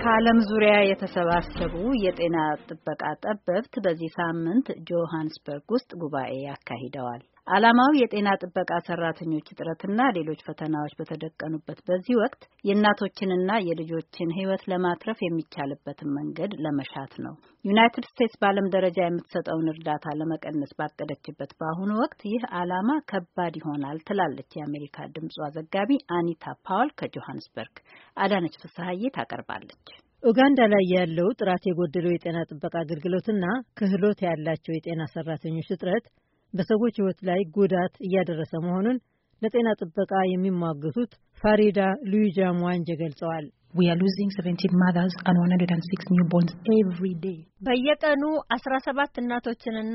ከዓለም ዙሪያ የተሰባሰቡ የጤና ጥበቃ ጠበብት በዚህ ሳምንት ጆሃንስበርግ ውስጥ ጉባኤ ያካሂደዋል። ዓላማው የጤና ጥበቃ ሰራተኞች እጥረትና ሌሎች ፈተናዎች በተደቀኑበት በዚህ ወቅት የእናቶችንና የልጆችን ሕይወት ለማትረፍ የሚቻልበትን መንገድ ለመሻት ነው። ዩናይትድ ስቴትስ በዓለም ደረጃ የምትሰጠውን እርዳታ ለመቀነስ ባቀደችበት በአሁኑ ወቅት ይህ ዓላማ ከባድ ይሆናል ትላለች የአሜሪካ ድምጿ ዘጋቢ አኒታ ፓውል ከጆሃንስበርግ። አዳነች ፍስሀዬ ታቀርባለች። ኡጋንዳ ላይ ያለው ጥራት የጎደለው የጤና ጥበቃ አገልግሎትና ክህሎት ያላቸው የጤና ሰራተኞች እጥረት በሰዎች ሕይወት ላይ ጉዳት እያደረሰ መሆኑን ለጤና ጥበቃ የሚሟገቱት ፋሪዳ ሉዊጃ ሙዋንጀ ገልጸዋል። በየቀኑ 17 እናቶችንና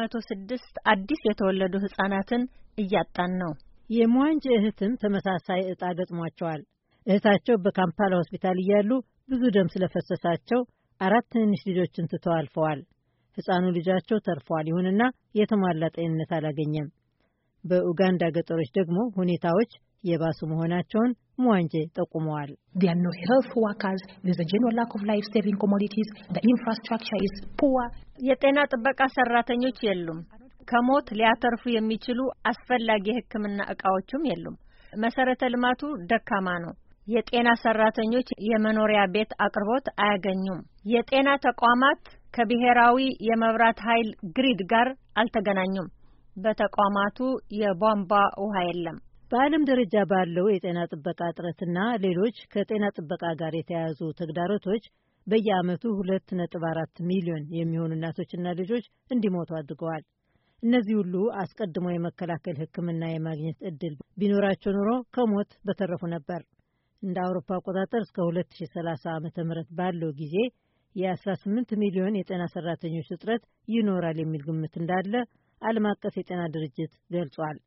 106 አዲስ የተወለዱ ህጻናትን እያጣን ነው። የሙዋንጀ እህትም ተመሳሳይ እጣ ገጥሟቸዋል። እህታቸው በካምፓላ ሆስፒታል እያሉ ብዙ ደም ስለፈሰሳቸው አራት ትንንሽ ልጆችን ትተው አልፈዋል። ሕፃኑ ልጃቸው ተርፏል። ይሁንና የተሟላ ጤንነት አላገኘም። በኡጋንዳ ገጠሮች ደግሞ ሁኔታዎች የባሱ መሆናቸውን ሙዋንጄ ጠቁመዋል። የጤና ጥበቃ ሰራተኞች የሉም። ከሞት ሊያተርፉ የሚችሉ አስፈላጊ የሕክምና እቃዎችም የሉም። መሰረተ ልማቱ ደካማ ነው። የጤና ሰራተኞች የመኖሪያ ቤት አቅርቦት አያገኙም። የጤና ተቋማት ከብሔራዊ የመብራት ኃይል ግሪድ ጋር አልተገናኙም። በተቋማቱ የቧንቧ ውሃ የለም። በዓለም ደረጃ ባለው የጤና ጥበቃ እጥረትና ሌሎች ከጤና ጥበቃ ጋር የተያያዙ ተግዳሮቶች በየዓመቱ ሁለት ነጥብ አራት ሚሊዮን የሚሆኑ እናቶችና ልጆች እንዲሞቱ አድርገዋል። እነዚህ ሁሉ አስቀድሞ የመከላከል ሕክምና የማግኘት እድል ቢኖራቸው ኑሮ ከሞት በተረፉ ነበር። እንደ አውሮፓ አቆጣጠር እስከ 2030 ዓ.ም ባለው ጊዜ የ18 ሚሊዮን የጤና ሰራተኞች እጥረት ይኖራል የሚል ግምት እንዳለ ዓለም አቀፍ የጤና ድርጅት ገልጿል።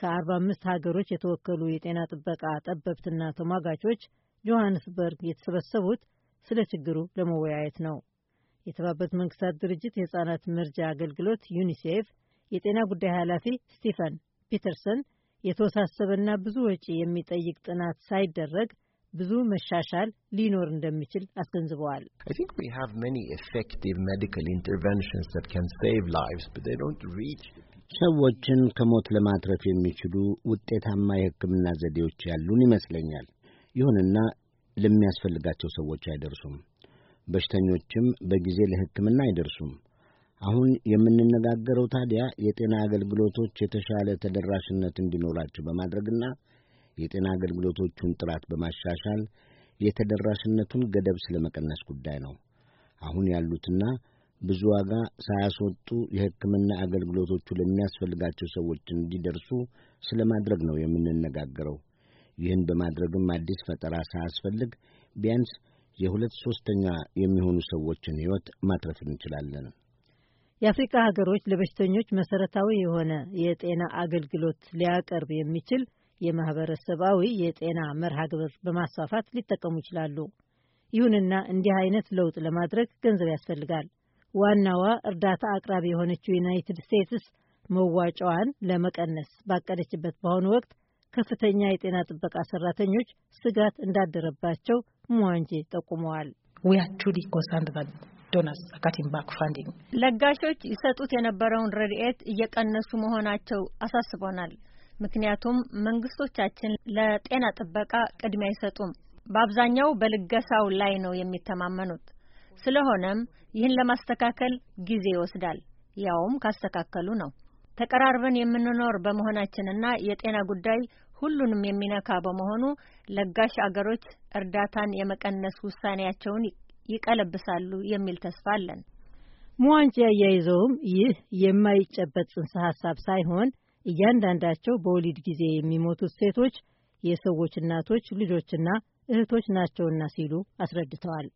ከ45 ሀገሮች የተወከሉ የጤና ጥበቃ ጠበብትና ተሟጋቾች ጆሐንስበርግ የተሰበሰቡት ስለ ችግሩ ለመወያየት ነው። የተባበሩት መንግስታት ድርጅት የህፃናት መርጃ አገልግሎት ዩኒሴፍ የጤና ጉዳይ ኃላፊ ስቲፈን ፒተርሰን የተወሳሰበና ብዙ ወጪ የሚጠይቅ ጥናት ሳይደረግ ብዙ መሻሻል ሊኖር እንደሚችል አስገንዝበዋል። ሰዎችን ከሞት ለማትረፍ የሚችሉ ውጤታማ የሕክምና ዘዴዎች ያሉን ይመስለኛል። ይሁንና ለሚያስፈልጋቸው ሰዎች አይደርሱም። በሽተኞችም በጊዜ ለሕክምና አይደርሱም። አሁን የምንነጋገረው ታዲያ የጤና አገልግሎቶች የተሻለ ተደራሽነት እንዲኖራቸው በማድረግና የጤና አገልግሎቶቹን ጥራት በማሻሻል የተደራሽነቱን ገደብ ስለመቀነስ ጉዳይ ነው። አሁን ያሉትና ብዙ ዋጋ ሳያስወጡ የሕክምና አገልግሎቶቹ ለሚያስፈልጋቸው ሰዎች እንዲደርሱ ስለማድረግ ነው የምንነጋገረው። ይህን በማድረግም አዲስ ፈጠራ ሳያስፈልግ ቢያንስ የሁለት ሶስተኛ የሚሆኑ ሰዎችን ሕይወት ማትረፍ እንችላለን። የአፍሪካ ሀገሮች ለበሽተኞች መሰረታዊ የሆነ የጤና አገልግሎት ሊያቀርብ የሚችል የማህበረሰባዊ የጤና መርሃ ግብር በማስፋፋት ሊጠቀሙ ይችላሉ። ይሁንና እንዲህ አይነት ለውጥ ለማድረግ ገንዘብ ያስፈልጋል። ዋናዋ እርዳታ አቅራቢ የሆነችው ዩናይትድ ስቴትስ መዋጫዋን ለመቀነስ ባቀደችበት በአሁኑ ወቅት ከፍተኛ የጤና ጥበቃ ሰራተኞች ስጋት እንዳደረባቸው ሙዋንጄ ጠቁመዋል። ለጋሾች ይሰጡት የነበረውን ረድኤት እየቀነሱ መሆናቸው አሳስቦናል። ምክንያቱም መንግስቶቻችን ለጤና ጥበቃ ቅድሚያ አይሰጡም። በአብዛኛው በልገሳው ላይ ነው የሚተማመኑት። ስለሆነም ይህን ለማስተካከል ጊዜ ይወስዳል። ያውም ካስተካከሉ ነው። ተቀራርበን የምንኖር በመሆናችንና የጤና ጉዳይ ሁሉንም የሚነካ በመሆኑ ለጋሽ አገሮች እርዳታን የመቀነስ ውሳኔያቸውን ይቀለብሳሉ የሚል ተስፋ አለን። ሙዋንጂ አያይዘውም ይህ የማይጨበጥ ጽንሰ ሀሳብ ሳይሆን እያንዳንዳቸው በወሊድ ጊዜ የሚሞቱት ሴቶች የሰዎች እናቶች፣ ልጆችና እህቶች ናቸውና ሲሉ አስረድተዋል።